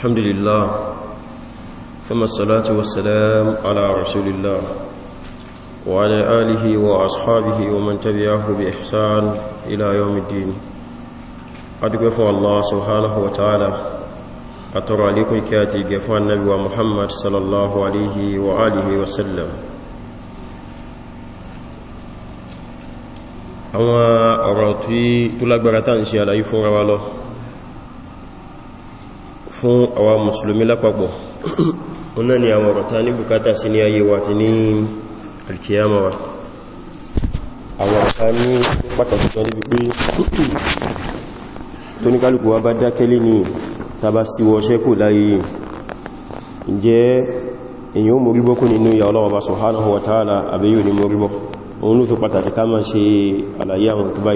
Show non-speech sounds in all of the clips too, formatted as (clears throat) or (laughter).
الحمد لله ثم الصلاة والسلام على رسول الله وعلى آله وأصحابه ومن تبعه بإحسان إلى يوم الدين أدقف الله سبحانه وتعالى أترى لكم كاتي قفان نبي محمد صلى الله عليه وآله وسلم أما في تلاقبرتان شيئا لا يفور والله fún àwa mùsùlùmí lápapọ̀ ọ̀nà ni àwọn ọ̀rọ̀ ta ní bùkátà sí ní ayé wa ti ní alkiyama wa àwọn ọ̀ta ní pàtàkì tó ní wípé tó ní kálùkù wa bá dákẹ́lé ní tàbá sí wọ́ṣẹ́ láyé ǹjẹ́ wa ta'ala àbẹ́yò ní mú rí bọ́ òun ló fi pàtàkì ká máa ṣe àlàyé àwọn tó bá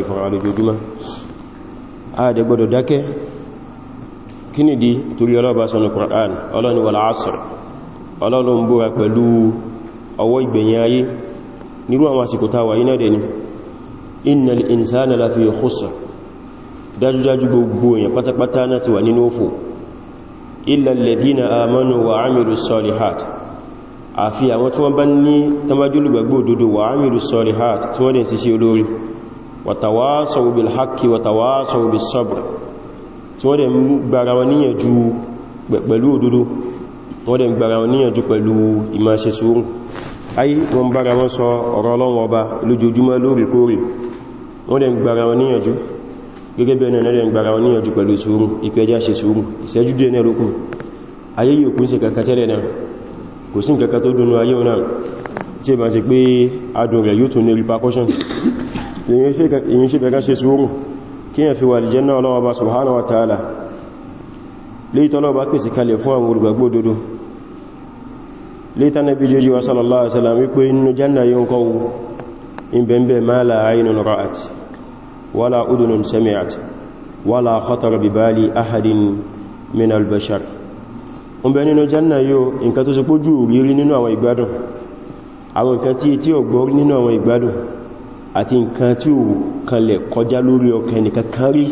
a dẹ̀ dákẹ́ kí ni di torí ọlọ́bàá sọ́nà Qur'an ọlọ́ni wal asr ọlọ́run búra pẹ̀lú ọwọ́ ìgbẹ̀yìn ayé nírú àwọn àsìkò táwà iná dẹ̀ ni innal insana lafi khusr dájúdájú gbogbo èèyàn pátápátá náà ti wà nínú òfò illa alladhina amanu wa amilus salihat àfi àwọn tí wọ́n bá ní tí wọ́n dẹ̀ ń gbara wọn níyànjú pẹ̀lú òdodo wọ́n dẹ̀ ń gbara wọn níyànjú pẹ̀lú ìmáṣe sùúrù ayé wọ́n bára wọn sọ ọ̀rọ̀ Ọlọ́run ọba lójoojúmọ́ lóòrèkóòrè wọ́n dẹ̀ ń gbara wọn níyànjú gẹ́gẹ́ bẹ́ẹ̀ náà dẹ̀ ń gbara wọn níyànjú pẹ̀lú sùúrù ìpẹjá òkú kaka tẹ́lẹ̀ náà kò sí kíyàn fi wà aljanna ọlọ́wọ́ bá subhanahu wa ta'ala léètọ́ lọ́wọ́ bá pèsè kalẹ̀ fún àwọn olùgbàgbọ́ dodo léètọ́ na bí jẹ́jẹ́ wa sallallahu alaihi wasallam wípé inú janna yóò kọ́ ìbẹ̀m̀bẹ̀ ma la aynun ra'at wala udunun sami'at wala khatara bi bali ahadin min albashar ń bẹ nínú àti nǹkan tí ò kanlẹ̀ kọjá lórí ọkàn ẹnìkankan rí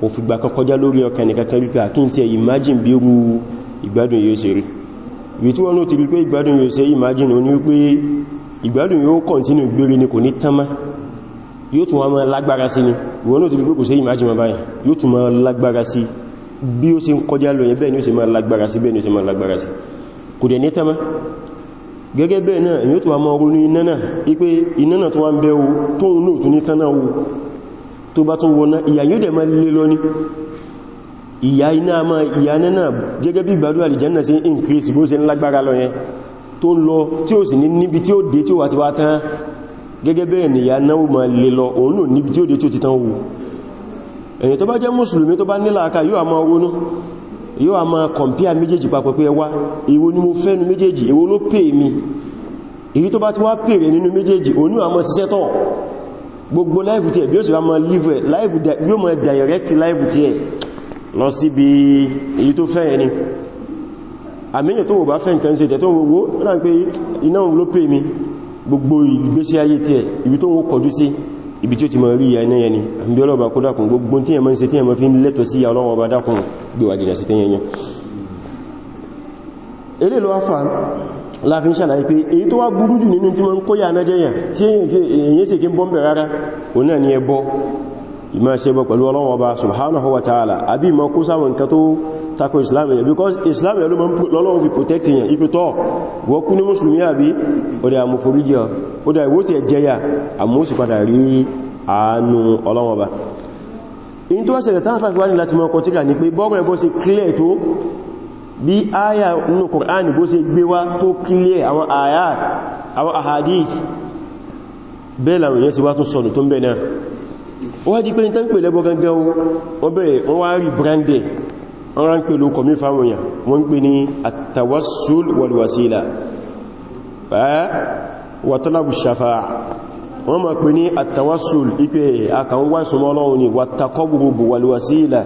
kò fìgbà kan kọjá lórí ọkàn ẹnìkankan rí pé àkíntí ẹ̀ imagine bí irú ìgbádùn yóò ṣe rí ibi tí wọ́n ti rí pé ìgbádùn yóò ṣe imagine ó ní wípé ìgbádùn yóò continue gbére ni kò ní tánmá yóò tún wá máa lágbára sí ni wọ́n ti rí pé kò ṣe imagine ma báyìí yóò tún máa lágbára sí bí ó ṣe ń kọjá lọ yẹn bẹ́ẹ̀ ni ó ṣe máa gẹ́gẹ́ bẹ́ẹ̀ náà èyí tó wà mọ́ orú ní iná náà ipé iná náà tó wá ń bẹ́ o tó ń náà tó ní kaná o tó bá tún wọná ìyà yóò dẹ̀ máa lè lọ ní ìyà iná ma ìyà náà gẹ́gẹ́ bí gbádùn àlìjánà sí ni ìyà náà máa lè lọ òun náà níbi tí ó dé tí yóò a máa kọ̀mpíà méjèèjì papọ̀ pé ẹwà èwo ni mo fẹ́nu méjèèjì èwo ló pè mi èyí tó bá ti wá pèrè nínú méjèèjì onú àmọ́ síṣẹ́ tọ̀ gbogbo láìfù tí ẹ̀ bí ó sì wá máa live láìfù bí ó máa direct láìfù tí ẹ̀ lọ síbi èyí tó fẹ́ ẹni àmìyàn tó wò bá fẹ́ nǹkan ṣe tẹ̀ tó wò ó náà pé iná òun ló pè mi gbogbo ìgbésí ayé tí ẹ̀ ibi tí ó ti mọ̀ rí ẹni ẹni àbí ọlọ́ọ̀bà kó dákùn gbogbo tí ẹmọ́ ṣe tí ẹmọ́ fi ń lẹ́tọ̀ sí ọlọ́wọ́ bá dákùn gbíwà jìnà sí tẹ́yẹnyẹ ilé lọ afá láàfin ṣàlàyé pé èyí tó wá burú jù nínú tí wọ́n ń subhanahu wa ta'ala àbí ìmọ̀ kó tako islam yẹn because islam yẹn lọ́lọ́wọ́ fi protect yẹn ipi tọ́ wọ́kú ní musulmi àbí ọdẹ àmúforíjì ọdẹ ìwó ti ẹjẹyà àmúsì padà rí àánú ọlọ́wọ́ba in tó ṣẹlẹ̀ tán fàfíwá ní láti mọ́ ọkọ̀ tíkà ní pé bọ́gbọ̀n bó ṣe clear tó bí áyà nínú Qur'an bó ṣe gbé wá tó clear àwọn ayat àwọn ahadith bẹ́ẹ̀ làwọn èèyàn ti wá tún sọ̀nù tó ń bẹ̀ náà ó wá di pé ní tán pè lẹ́gbọ́ gangan wọ́n bẹ̀rẹ̀ wọ́n wá rí branded ọ̀rán pè ló kọ̀mí fáwọn èèyàn wọ́n ń pè ní àtàwásùl wàlúwàsílà wàtàlábù shafa'a wọ́n ma pè ní àtàwásùl ipé àkàwọn wá súnmọ́ Ọlọ́run ni wàtàkọ́bùrùbù wàlúwàsílà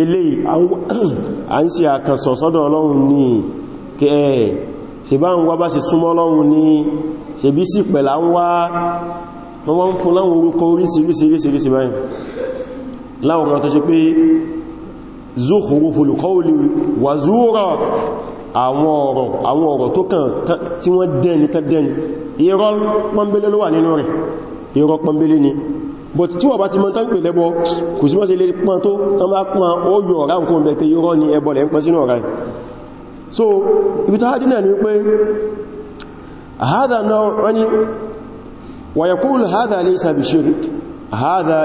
ilé à ń ṣe àkànsọ̀ sọ́dọ̀ Ọlọ́run ni kẹ́ ṣe bá ń wá bá wọ́n wọ́n fún láwọn orúkọ orísìírísìírísìí báyìí láwọn ọmọ tó ṣe pé zuhruful qawli wa zura àwọn ọ̀rọ̀ àwọn ọ̀rọ̀ tó kàn tí wọ́n dẹni tán dẹni irọ́ pọ́nbélé ló wà nínú rẹ̀ irọ́ pọ́nbélé ni but tí wọ́n bá ti mọ́ tán pè lẹ́bọ́ kò sí mọ́sí ilé pọ́n tó tán bá pọ́n so ibi tó hádínà ni wípé hadha naw'ani wa yaqulu hadha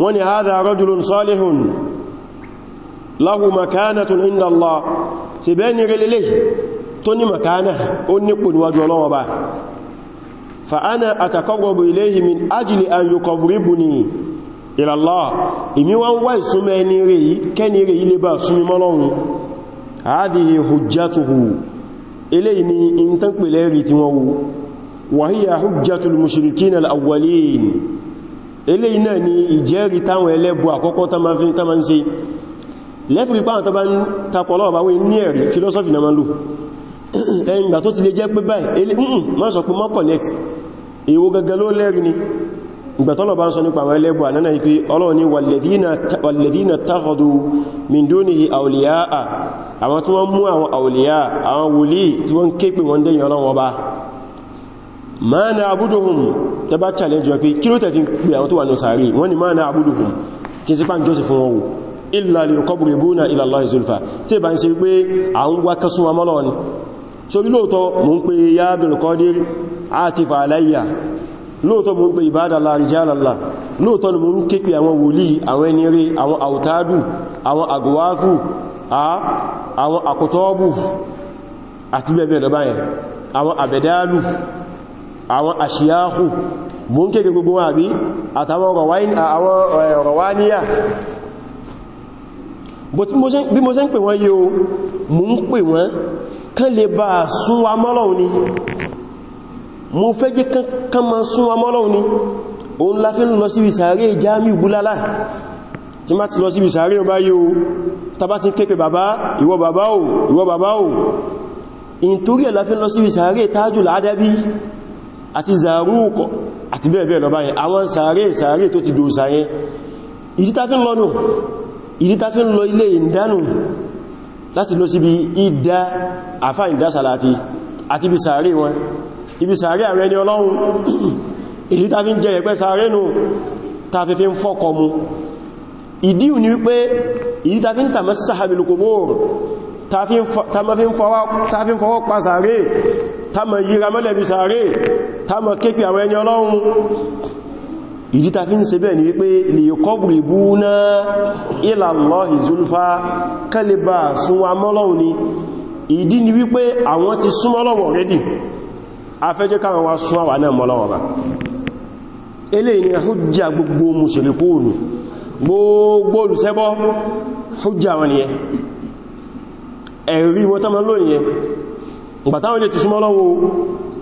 wọ́n ni hadha rajulun salihun lahu makanatun inda Allah ṣe bẹ́ẹ̀ ni relele tó ní makana ó nípò níwájú Ọlọ́run ba fa ana ataqarrabu ilayhi min ajli an yuqarribuni ila Allah èmi wá ń wá ìsúnmọ́ ẹni rẹ̀ yìí kẹ́ni rẹ̀ yìí bá súnmí mọ́lọ́run hadhihi hujjatuhu eléyìí ni in tán pèlẹ́rì tí wọ́n wo wa hujjatul mushrikina al eléyìí náà ni ìjẹ́rìí táwọn ẹlẹ́bù àkọ́kọ́ tá máa ń ṣe lẹ́fìrí pàwọn tó bá ń takọ̀ ọlọ́ọ̀bá wọ́n ní ẹ̀rí philosophy na máa lò (clears throat) ẹ̀yìn tó ti lè jẹ́ pé báyìí máa sọ pé mọ́ ni ìgbà tọ́lọ̀ bá ń sọ nípa àwọn ẹlẹ́bù ànánà ìpé ọlọ́ọ̀ni walladhina takhadhu min dunihi awliyaa àwọn tí wọ́n mú àwọn awliyaa àwọn ma na abúdóhùn ta ba challenge wọ́n pé kí ló tẹ̀fí pé àwọn tó wà ní sàárì wọ́n ni ma na abúdóhùn kí sí pán jọ́sì fún ọwọ́ illa li yuqarribuna ila Allahi zulfa tí ba ń ṣe awon à wa ni so ya Abdul Qadir atif alayya lóòtọ́ mú ń pé ibadallah rijalallah lóòtọ́ ni àwọn àṣíyáhù mú ń kéèkè gbogbo àbí àtàwọn rọ̀wáníyà eh, bí mo ṣe ń pè wọ́n yíò mú ń pè wọ́n kán lè bá sún wa mọ́lọ́un ni mo fẹ́ jẹ́ kán ma sún wa mọ́lọ́un ni òun láfí ń lọ sí ìsàárè jami ìbúlálà tí má ti lọ sí ìsàárè ọba yíò tàbá ti kéèkè bàbá ìwọ bàbá ò ìwọ bàbá ò ìntorí ẹ̀ láfí ń lọ sí ìsàárè tájù ládábí àti zaruko àti bẹ́ẹ̀bẹ́ẹ̀ lọ báyìí àwọn sàárè sàárè tó ti dòsà yẹn ìdítà fi ń lọ nù ìdítà fi ń lọ ilé ìdánù láti lọ síbi ìdá ibi sàárè wọn ibi sàárè ààrẹ ni ọlọ́run ìdítà fi ń jẹ ẹ̀pẹ́ sàárè nù ta fi fi ń fọ́kọ mu ìdí ni wípé ìdítà fi ń tàmẹ́ sàhábìlì kòmóòrò fọwọ́ pa sàárè ta mọ̀ yíra mọ́lẹ̀bí sàárè táàmà kéèkì àwọn ẹni ọlọ́run ìdí ta fi ń ṣe bẹ́ẹ̀ ni wípé lè kọ́gbùrì bú ná ìlàlọ́ ìzúlfà kẹ́lẹ̀bà súnwà mọ́lọ́run ni ìdí ni wípé àwọn ti súnmọ́lọ́wọ̀ rẹ́dì afẹ́jẹ́ káwọn wá súnwà náà mọ́lọ́wọ̀ bá eléyìí ni ni ẹ ẹ̀rí wọ́n tán mọ́ lónìí ẹ ìgbàtàwọn ilé ti súnmọ́lọ́wọ́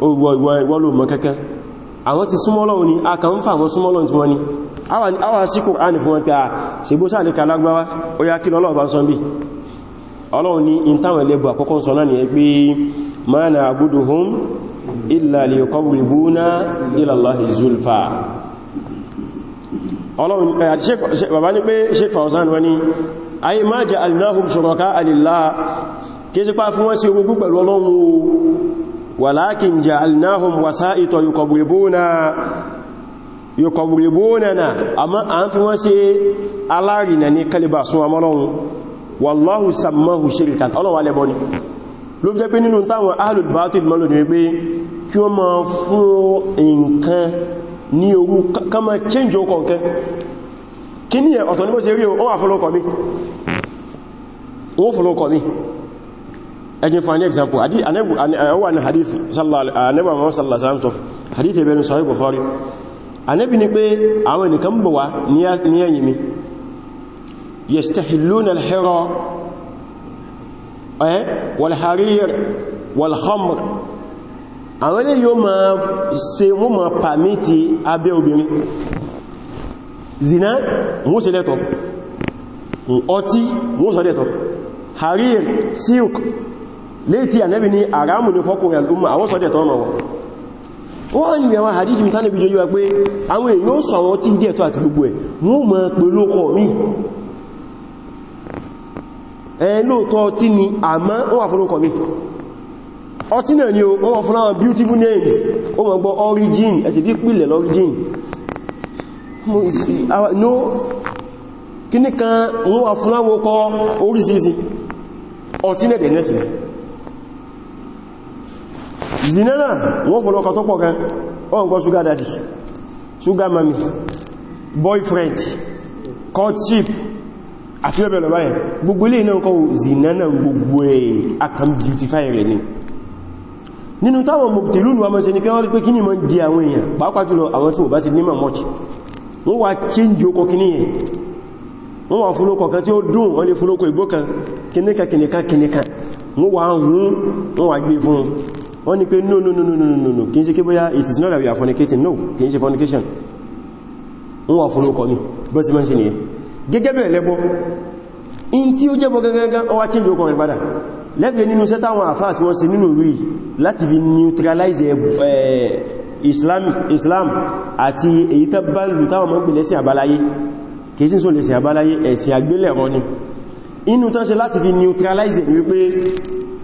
wọ́lò mọ́ kẹ́kẹ́ àwọn ti súnmọ́ Ọlọ́run ni a kà ń fà àwọn súnmọ́ Ọlọ́run tí wọ́n ni àwa sí Kùránì fún wọn pé a ṣègbó sáà ní kalágbáwá ó yá kí lọ́lọ́ bá ń sọ bí Ọlọ́run ni in táwọn ẹlẹ́bù àkọ́kọ́ sọ náà ni ẹ pé ma na'buduhum illa liyuqarribuna ila Allahi zulfa Ọlọ́run bàbá ní pé Sheikh Fawzan wani ayé má ja'alnahum shuraka'a lillah kí sí pá fún wọ́n sí ogun pẹ̀lú Ọlọ́run ولكن جعلناهم وسائط يقربونا يقربوننا اما ان في وان سي alárìnà ní kẹlìbà sún amọ́lọ́run wallahu sammahu shirkan ọlọ́wà lẹ́bọ́ ni ló jẹ́ pé nínú táwọn ahlul batil ní wípé kí wọ́n máa fún nǹkan ní orú kama change okọ̀ nǹkan kí ní ọ̀tọ̀ ní rí o wọ́n mi ẹjẹ́ fún ní example àwọn ní hadith anẹ́bà wọn sallallahu sọ hadith ẹbẹ̀rin sọ Bukhari anẹ́bì ni pé àwọn ẹnìkan bọ̀ wá ní ẹ̀yìn mi yastahilluna al-hira wal-harir wal-khamr àwọn ilé yóò ma ṣe wọ́n ma pàmítì abẹ́ obìnrin zina wọ́n ṣe lẹ́tọ̀ léètí ànẹ́bì ní àrámù ní fọ́kùnrin al'umma àwọn sọ́dẹ̀ tọ́nà wọn wọ́n ni àwọn hadith mi tánàbí jẹ́ yíwa pé àwọn èèyàn ó sọ àwọn tí díẹ̀ tó àti gbogbo ẹ̀ wọ́n mọ̀ pẹ̀lú ọkọ̀ mi ẹ lóòtọ́ tí ni àmá wọ́n wà fọ́lọ́kọ̀ mi ọtí náà ni wọ́n wà fọ́lọ́wọ́ beautiful names ó mọ̀ gbọ́ origin ẹ̀sì bí pìlẹ̀ lọ́rigin no kíníkan wọ́n wà fọ́lọ́wọ́ kọ orísìírísìí ọtí náà dẹ̀ nẹ́sìí zinana wọ́n fọ́lọ́kọ̀ tó pọ̀ kan wọ́n kọ́ sugar daddy sugar mommy. boyfriend courtship àti ọ̀bẹ̀ lọ báyẹ̀ gbogbo ilé iná kọ́ zinana gbogbo ẹ̀ akam beautify rẹ̀ ni nínú táwọn mọ̀tẹ̀lúnù wa mọ́ sí ní kí wọ́n rí pé kí ní mọ́ di àwọn èèyàn pàápàá jùlọ àwọn tí wọ́n change okọ̀ kí ní yẹn wọ́n wá fúnlókọ̀ kan tí ó dùn wọ́n lè fúnlókọ̀ ìgbó kan kìníkà kìníkà kìníkà wọ́n wá wọ́n ní pé no no no no no no no kìí ṣe kí bóyá it is not that we are fornicating no kìí ṣe fornication wọ́n wà fúnlọ́kọ̀ ní bó sì mọ́ ṣe nìyẹn gẹ́gẹ́ bẹ̀rẹ̀ lẹ́bọ́ in tí ó jẹ́bọ́ gẹ́gẹ́gẹ́ ọwá tí ìlú ọkùnrin padà lẹ́fẹ̀ẹ́ nínú sẹ́ta àwọn àfáà tí wọ́n ṣe nínú rí láti fi neutralize eh, Islam àti èyí tẹ́bàlù táwọn mọ́ pẹ̀lẹ́sì àbáláyé kìí sí sólẹ̀sì àbáláyé ẹ̀sìn àgbélẹ̀rọ ni inú tán ṣe láti fi neutralize wípé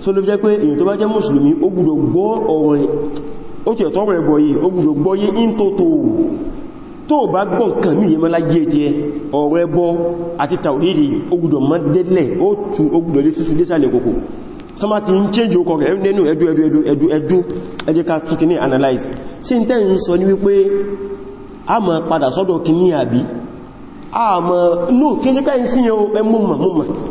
so ló jẹ́ pé èyàn tó bá jẹ́ mùsùlùmí ó gbọ́dọ̀ gbọ́ ọ̀rìn ó ti ẹ̀tọ́ ọ̀rẹ́ gbọ́ yìí ó gbọ́dọ̀ gbọ́ yìí in tó tó tó bá gbọ́ nǹkan ní ìyẹmọ́ láyé tí ẹ ọ̀rọ̀ ẹbọ àti tàwírí ó gbọ́dọ̀ mọ́ délẹ̀ ó tú ó gbọ́dọ̀ lé túsù désàlẹ̀ kòkò tó má ti ń change okọ̀ rẹ̀ nínú ẹdú ẹdú ẹdú ẹdú ẹdú ẹ jẹ́ ká tún kìíní analyze ṣe ń tẹ́ ń sọ ní wípé a mọ̀ padà sọ́dọ̀ kìíní àbí a mọ̀ no kí ṣe pẹ́ ń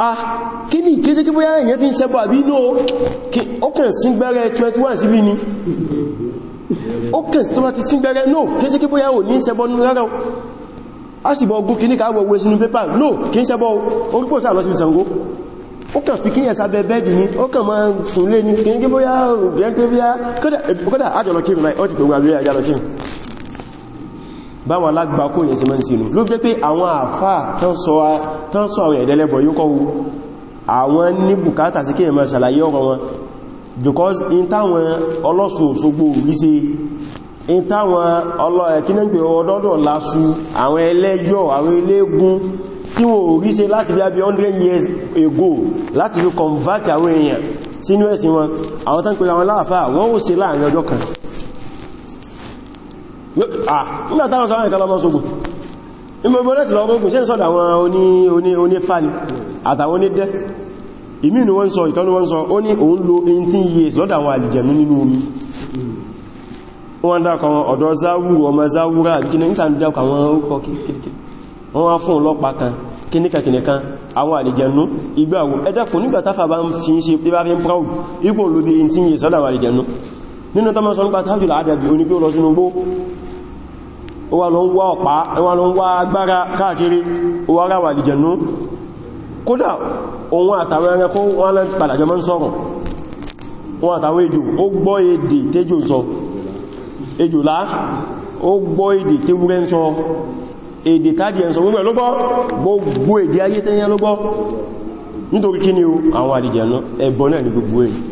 ah kí ni kí sí kí bóyá èyàn fi ń ṣẹbọ àbí inú ó kàn síngbẹ́rẹ́ 21 sí bí ní ó kàn sí tó bá ti síngbẹ́rẹ́ no kí sí kí bóyá ò ní ṣẹbọ nínú rárá a sì bọ̀ ogun kìíní káàbọ̀ owó sínú pépà no kí ń ṣẹbọ orípò sáà lọ sí Ṣàngó ó kàn fi kíyàn sábẹ́ bẹ́ẹ̀dì ní ó kàn máa sùn lé ní kìí bóyá gẹ́gẹ́ bóyá kódà àjọ̀lọ kí mìíràn ó ti pẹ̀lú àríyà àjọ̀lọ kí báwọn alágbàkó yẹn ṣe mọ́ sí inú ló jẹ́ pé àwọn àfáà tán sọ tán sọ àwọn ẹ̀dẹ́lẹ́bọ̀ yóò kọ́ àwọn ní bùkátà sí kí ẹ̀mọ̀ ṣàlàyé ọ̀rọ̀ wọn because in táwọn ọlọ́sùn òṣogbo rí sí in táwọn ọlọ́ẹ̀kínẹ́gbẹ̀ ọdọ́dọ̀ lásù àwọn ẹlẹ́yọ̀ àwọn elégún tí wọ́n rí sí láti bí i 100 years ago láti fi convert àwọn èèyàn sínú ẹ̀sìn wọn àwọn tán pẹ̀lú àwọn láàfáà wọ́n ó ṣe láàrin ọjọ́ kan ah nígbàtàwọn sọ àwọn ìkàlọ́mọ́sógún ìgbogbo láti lọ gbogbo ṣe ń sọ́dọ̀ àwọn onífàní àtàwọn onídẹ́ ìmínú wọ́n sọ ìkanú wọ́n sọ ó ní òun lo 18 years lọ́dọ̀ àwọn àlìjẹ̀nú nínú omi wọ́n dákọ̀ ọ̀dọ̀ záwúrù ọmọ záwúrà kíní ń sàn dákọ̀ àwọn orúkọ kíkìkìkì wọ́n wá fún ọlọ́pàá kan kíníkàkíní kan àwọn àlìjẹ̀nú ìgbàwó ẹ̀dẹ́kùn nígbà táfà bá ń fi ṣe pé bá fi ń proud ipò lóbi 18 years lọ́dọ̀ àwọn àlìjẹ̀nú nínú tọ́mọ́sọ́n pàtàkì àdàbì onígbé lọ sínú gbó ó wá lọ ń wá ọ̀pá ó wá lọ ń wá agbára káàkiri ó wá ráwà àlìjẹ̀nú kódà òun àtàwọn ẹranko wọ́n lẹ́ padàjọ mọ́ ń sọ̀rọ̀ wọn àtàwọn ejò ó gbọ́ èdè tejò sọ ejò láá ó gbọ́ èdè tewúrẹ́ ń sọ èdè tàbí ẹ̀ ń sọ gbogbo èdè ayé tẹ́yẹ ló nítorí kí ni o àwọn àlìjẹ̀nú ẹbọ náà ni gbogbo èdè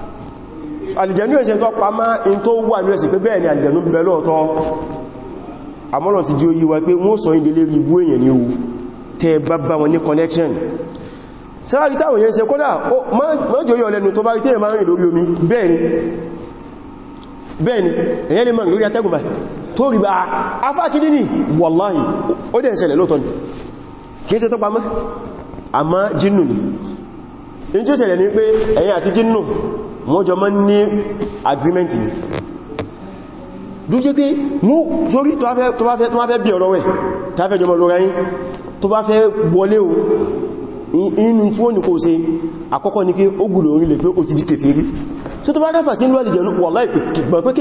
àlìjẹ̀nú ẹ̀sẹ̀ tó pa má in tó wà ní ẹ̀sẹ̀ pé bẹ́ẹ̀ ni àlìjẹ̀nú bẹ lóòtọ́ àmọ́nà ti jí ó pé wọ́n sọ ìdílé rí ibú èèyàn ní tẹ́ bá bá wọn ní connection sẹ́wàrí táwọn yẹn ṣe kódà mọ́jọ yọ lẹ́nu tó bá rí tẹ́yẹ máa ń rìn lórí omi bẹ́ẹ̀ni bẹ́ẹ̀ni ẹ̀yẹ́ lè máa lórí atẹ́gùnbà tó rí bá afákídí ní wàláhì ó dẹ̀ ṣẹlẹ̀ lóòtọ́ ni ẹ̀yìn àti jínnù wọ́n jọ mọ́ ní agreement ni dújé pé mú sórí tó bá fẹ́ bí ọ̀rọ̀ rẹ̀ tàfẹ́ jọmọ lóra yín tó bá fẹ́ wọlé o inú tí wọ́n ní kó ṣe àkọ́kọ́ ní kí ó gùn lórí lè pé ó ti di kèfèrí so tó bá dáfà tí ń lọ́lẹ̀ jẹ̀nú wà láì kìgbọ̀n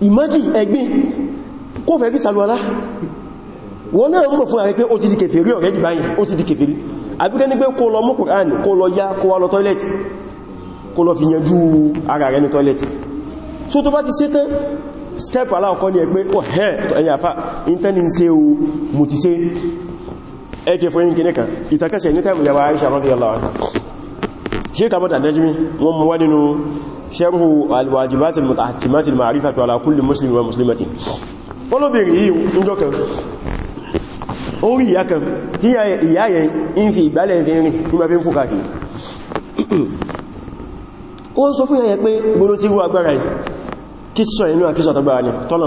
imagine ẹgbẹ́ kó fẹ́ bí sàlúwàlá wọ́n náà mọ̀ fún ààrẹ pé ó ti di kèfèrí ọ̀rẹ́ dì báyìí ó ti di kèfèrí àbíkẹ́ ní pé kó lọ mú Kùránì kó lọ yá kó wá lọ tọ́ilẹ̀tì kó lọ fi yanjú ara rẹ̀ ní tọ́ilẹ̀tì so tó bá ti sétẹ́ step aláwọ̀kọ́ ni ẹgbẹ́ ó hẹ́ ẹ̀yà fa intanet ṣe o mo شرح الواجبات المتحتمات المعرفة على كل مسلم ومسلمة olóbìnrin yìí ń jọ kan ó rí ìyá kan tí ìyá yẹn ń fi ìgbálẹ̀ fi rìn ní ma fi ń fò káàkiri ó ń sọ fún ìyá pé gbogbo tí rú agbára yìí kíṣọ́ inú àkíṣọ́ àtàgbára ni tọ́nà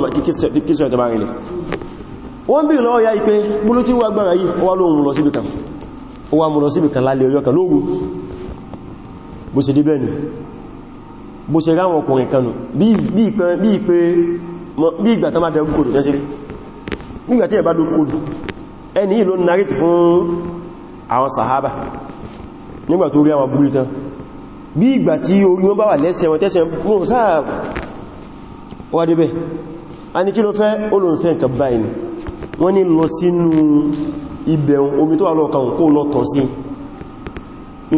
kíṣọ́ àtàgbára ni wọ́n bí lọ́wọ́ ya ipé gbogbo tí rú agbára yìí ó wá lóhun lọ síbìkan lálẹ́ ọjọ́ kan lóhun bó ṣe dé bẹ́ẹ̀ ni bó ṣe ráwọn ọkùnrin kanù bí ìgbà tán bá dẹ̀ orúkòdù jẹ́ sí rí nígbàtí ẹ̀bá dókòdù ẹni ìlò narrate fún àwọn sahaba nígbà tó rí àwọn búrí tán bí ìgbà tí orí wọn bá wà lẹ́sẹ̀ wọn tẹ́sẹ̀ wọn sáà wà débẹ̀ a ní kí ló fẹ́ olóòfẹ́ nǹkan báyìí wọ́n ní lọ sínú ibẹ̀ omi tó wà lọ́ọ̀kan kó lọ́tọ̀ sí ní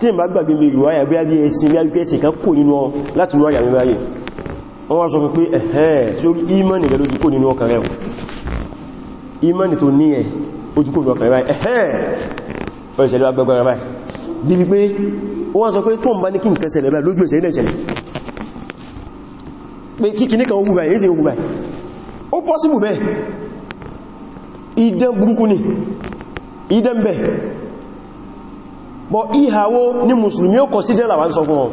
tí ìbá gbàgbé mi ìrùwáyà bí i ẹ̀sìn bí i ẹ̀sìn kan kò nínú ọ láti ìrùwáyà mi báyìí wọ́n wá sọ fún pé ẹ̀hẹ́ tí ó rí ìmánì rẹ̀ ló ti kò nínú ọkàn rẹ̀ ìmánì tó ní ẹ̀ ó ti kò nínú ọkàn rẹ̀ ẹ̀hẹ́ ó ìṣẹ̀lẹ̀ agbẹ́gbẹ́ra báyìí bí i pé ó wá sọ pé tó ń bá ní kí nǹkan ṣẹlẹ̀ báyìí lójú ìṣẹ̀lẹ̀ ìṣẹ̀lẹ̀ pé kí kìíní kan ó wù báyìí èsì ó wù báyìí ó pọ́síbù bẹ́ẹ̀ idán burúkú bọ̀ ìhàwó ní mùsùlùmí ó consider là wá ń sọ fún wọn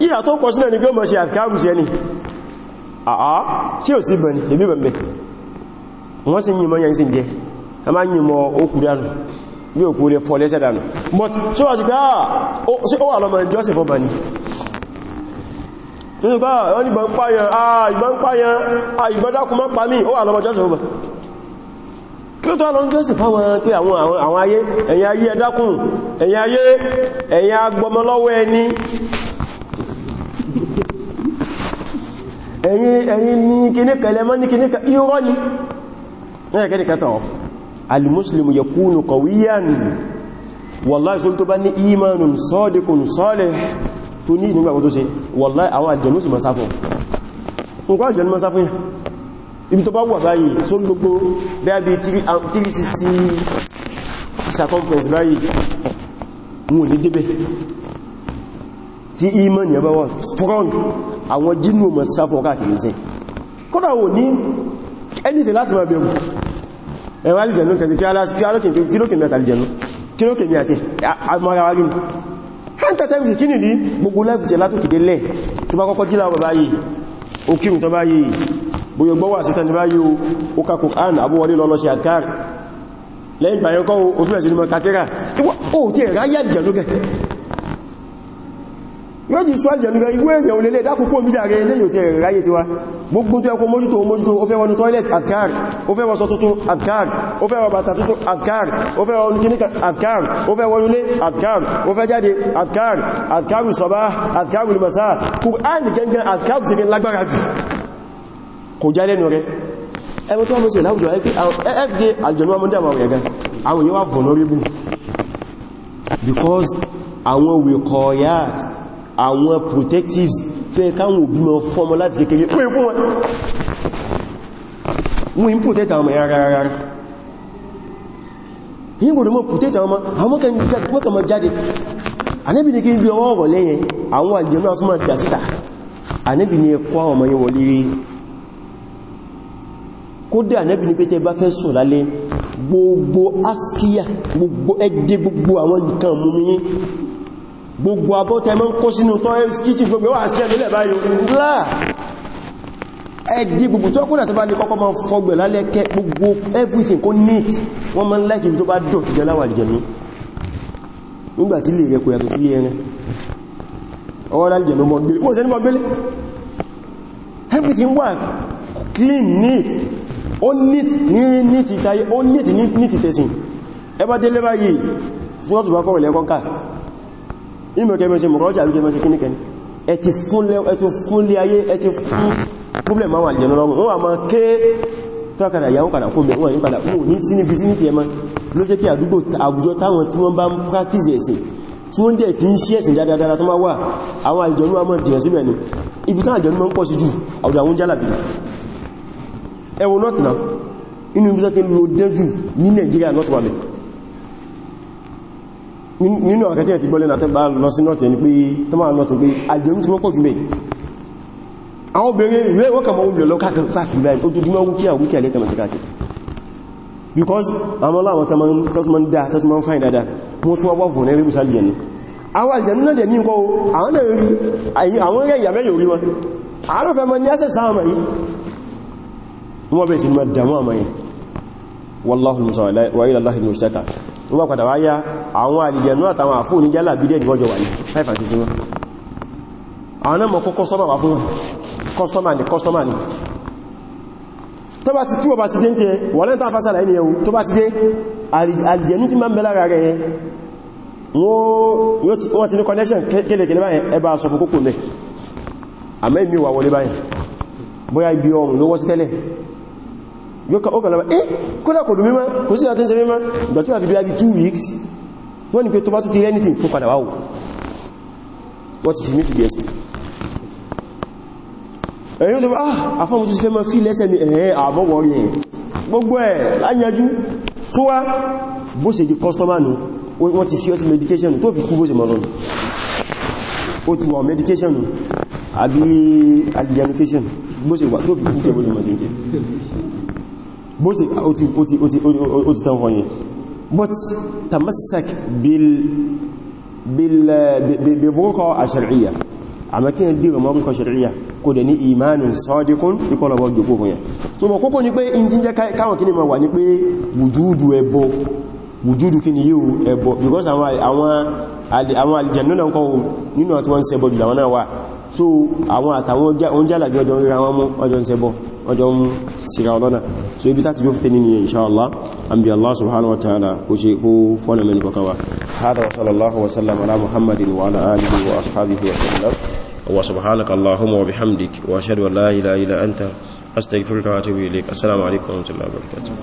ìhà tó consider ní pé ó mọ̀ ṣe àkàrù sí ẹni àá tí ò sí bẹ̀ni ìbí bẹ̀m̀bẹ̀ wọ́n sì yìnbọn yẹn sí jẹ́ a máa yìnbọn okù dánù bí òkú rẹ̀ fọ́ lẹ́sẹ̀ dánù but tí ah, wà páyàn àà dákùnmọ́ pa mí ó wà lọ́mọ ìjọsìn fọ́ bẹ̀ni kí ó tó lọ ń jọ́sìn fáwọn pé àwọn ayé ẹ̀yin ayé ẹ dákun ẹ̀yin ayé ẹ̀yin agbọmọlọ́wọ́ ẹni ẹ̀yin ní kíníkà ẹlẹ́mọ́ ní kíníkà irọ́ ni ẹ̀kẹ́kẹ́ tọ́ al-muslimu yakunu qawiyan wallahi sun tó bá ní imanun sadiqun salih tó ní ìdígbàgbọ́ tó ṣe wallahi àwọn àjẹ̀mú sì mọ́ sáfún nǹkan àjẹ̀mú mọ́ sáfún yìí ibi tó bá wà báyìí tó ń gbogbo bẹ́ẹ̀bí 360 uh, circumference báyìí wọn ò ní débẹ̀ tí iman yẹ bá wà strong àwọn jínú mọ̀ sáfún káàkiri sí kọ́nà wò ní anything láti máa bẹ̀rù ẹwà alìjẹ̀nú kẹsì kílókè mẹ́ta alìjẹ̀nú kílókè mẹ́ àti àmọ́rawárí hundred times kí nìdí gbogbo life jẹ́ látòkìdélẹ̀ tó bá kọ́kọ́ jílá ọ̀rọ̀ báyìí ó bóyọ gbọ́wà sí tàbí báyí ó ka Kùránì àbúwọlé lọ lọ sí àkáàrì lẹ́yìn ìgbàyànkọ́ òtún ẹ̀sìn mọ́ kàtírà ó tí ẹ̀rá yà jẹ̀ lókẹ̀ yóò ti ṣwájẹ̀ lórí igbó èyàn olèlé dákùkú omi jàre eléyìn toilet adkar ó fẹ́ wọṣọ tuntun adkar ó fẹ́ wọ bàtà tuntun adkar ó fẹ́ wọnú kíníkà adkar ó fẹ́ wọnú lé adkar ó fẹ́ kò já lẹ́nu rẹ̀ ẹwọ́n tó wọ́n mọ́sí láwùjọ wáyé pé fda aljọ̀lọ́wọ́ mọ́ dáwà rẹ̀ àwọn yíwá vulnerable because àwọn wikọ̀yàt àwọn protectives tó yẹ káwọn òbí mọ́ fọ́mọ láti kékeré pé fún wọn wọ́n protect àwọn ẹ̀yà rárá yíò gbọ́dọ̀ mọ́ protect àwọn ọmọ àwọn kẹmọ̀ jáde anẹ́bì ní kí n bí ọwọ́ ọ̀rọ̀ lẹ́yìn àwọn àjẹ́mọ́ àtúnmọ̀ dà anẹ́bì ní ẹkọ́ àwọn ọmọ yẹn kódà nẹ́bì ní pé tẹ́ bá fẹ́ sùn lálẹ́ gbogbo askiya gbogbo ẹgbẹ́ gbogbo àwọn nǹkan mú mi gbogbo abọ́ tẹ́ mọ́ ń kó sínú tọ́ ẹ́skìtì gbogbo wà sí ẹ̀lẹ́lẹ̀ báyìí láà ẹ̀dí gbogbo tó kúrò tó bá ní kọ́kọ́ ma fọgbẹ̀ lálẹ́kẹ́ gbogbo everything kó neat wọ́n ma ń láìkì tó bá dọ̀ ti gẹ́láwà ìjẹ̀mí nígbàtí lè rẹ̀ kò yàtọ̀ sí everything wà clean neat ó ní ti táyé ó ní ti tẹ̀sìn ẹbá délé báyìí ṣúgbọ́n tùbá kọrùn lẹ́kọ́ ká ìmọ̀ kẹmẹ́sẹ̀ mọ̀rọ̀jà àbí kẹmẹ́sẹ̀ kíníkẹni ẹ ti fún lé ayé ẹ ti fún problem àwọn àjẹ̀nà lọ́rùn ó wà máa ké tọ́kàdà yàwó padà kó mẹ́wọ́ yìí padà mú ní sí ní fi sí ní ti ẹmọ́ ló jẹ́ kí àdúgbò àwùjọ táwọn tí wọ́n bá ń practice ẹ̀sìn tí wọ́n dẹ̀ tí ń ṣe ẹ̀sìn dáadáa tó máa wà àwọn àjẹ̀nú àmọ́ dìyàn síbẹ̀ ni ibi tán àjẹ̀nú ń pọ̀ sí jù àwùjọ àwọn jálàbìlì ẹwọ north náà inú ibi tí lo dẹ́jù ní Nigeria north wà bẹ̀ nínú àkẹ́kẹ́ ti gbọ́lẹ̀ látẹ́gbà lọ sí north ẹni pé tọ́mà north pé àjẹ́mú ti wọ́pọ̀ jù mẹ́ àwọn obìnrin ìwé ìwọ́kàmọ́ obìnrin lọ káàkiri báyìí ojoojúmọ́ wúkíà wúkíà lẹ́kàmọ̀ sí káàkiri because àwọn láwọn tọ́tùmọ̀n dáa tọ́tùmọ̀n fáìn dáadáa mọ́ tún wọ́wọ́ fún ẹrí musa jẹni àwọn aljannu náà dẹ̀ ní nǹkan àwọn náà rí àwọn rẹ̀ ìyàmẹ́ yóò rí wọn àárọ̀fẹ́ mọ́ ní access sáàmà yìí wọ́n bẹ̀rẹ̀ sí ní dàmú àmàyìn wallahul musawwir wa ila Allahil mushtaka wọ́n bá padà wáyá àwọn àlìjẹ̀nú àtàwọn àfún ní jálà bídẹ̀ ní ọjọ́ wáyé 5 àti 6 àwọn náà mọ̀ kó kọ́sọ́mà wà fún kọ́sọ́mà ní kọ́sọ́mà ní tó bá ti tí ó bá ti dé ń tẹ wọ́n lẹ́ta fásàlà ẹni ẹ̀wù tó bá ti dé àlìjẹ̀nú ti máa ń bẹ lára yóò kàn lọ́wọ́ eh kódà kò lù mímọ́ kò sí àti ń ṣe mímọ́ ìgbà tí wà fi bí i two weeks wọ́n ni pé tó bá tún ti anything fún padà wáwò wọ́n ti fi mí sí bí ẹ̀sìn ẹ̀yìn tó bá àfọ́mù tó ti fẹ́ mọ́ fí lẹ́sẹ̀ ní ẹ̀ẹ́ àbọ̀wọ̀ rí ẹ̀ gbogbo ẹ̀ láyẹjú tó wá bó ṣe customer nù wọ́n ti fi ọ́ medication tó fi kú bó ṣe mọ́ lọ́nà ó medication àbí education bó ṣe wà tó fi kú tẹ́ bó ṣe mọ́ sí tẹ́ bó sì ó ti tán fún yìí but tamassak bilvorukọ a ṣar'iyya àmà kí ẹ dìrò mọ́rúkọ ṣar'iyya kò dẹ̀ ní imanin sọ́díkún ìpọlọ̀bọ̀ jòkó fún yẹn so mọ̀ kókò ní pé in ti jẹ́ káwọn kí ni ma wà ní pé wùjúdù ẹbọ wùjúdù kí ni yíò ẹbọ because àwọn alìjẹ̀nú náà kọ́ nínú àti wọ́n ń ṣẹbọ jùlọ wọn náà wà so àwọn àtàwọn oúnjẹ́ àlàbí ọjọ́ ríra wọn mú ọjọ́ ń ṣẹbọ ọjọ́ ń síra so ibi tàti jófẹ́ ní ní insha Allah an bí Allah subhanahu wa ta'ala kó ṣe kó fọ́nà mẹ́rin kọkawa hada wa sallallahu wa sallam ala muhammadin wa ala alihi wa ashabihi wa sallam wa subhanaka allahumma wa bihamdik wa ashhadu an la ilaha illa anta astaghfiruka wa atubu ilaik assalamu alaikum wa rahmatullahi wa barakatuh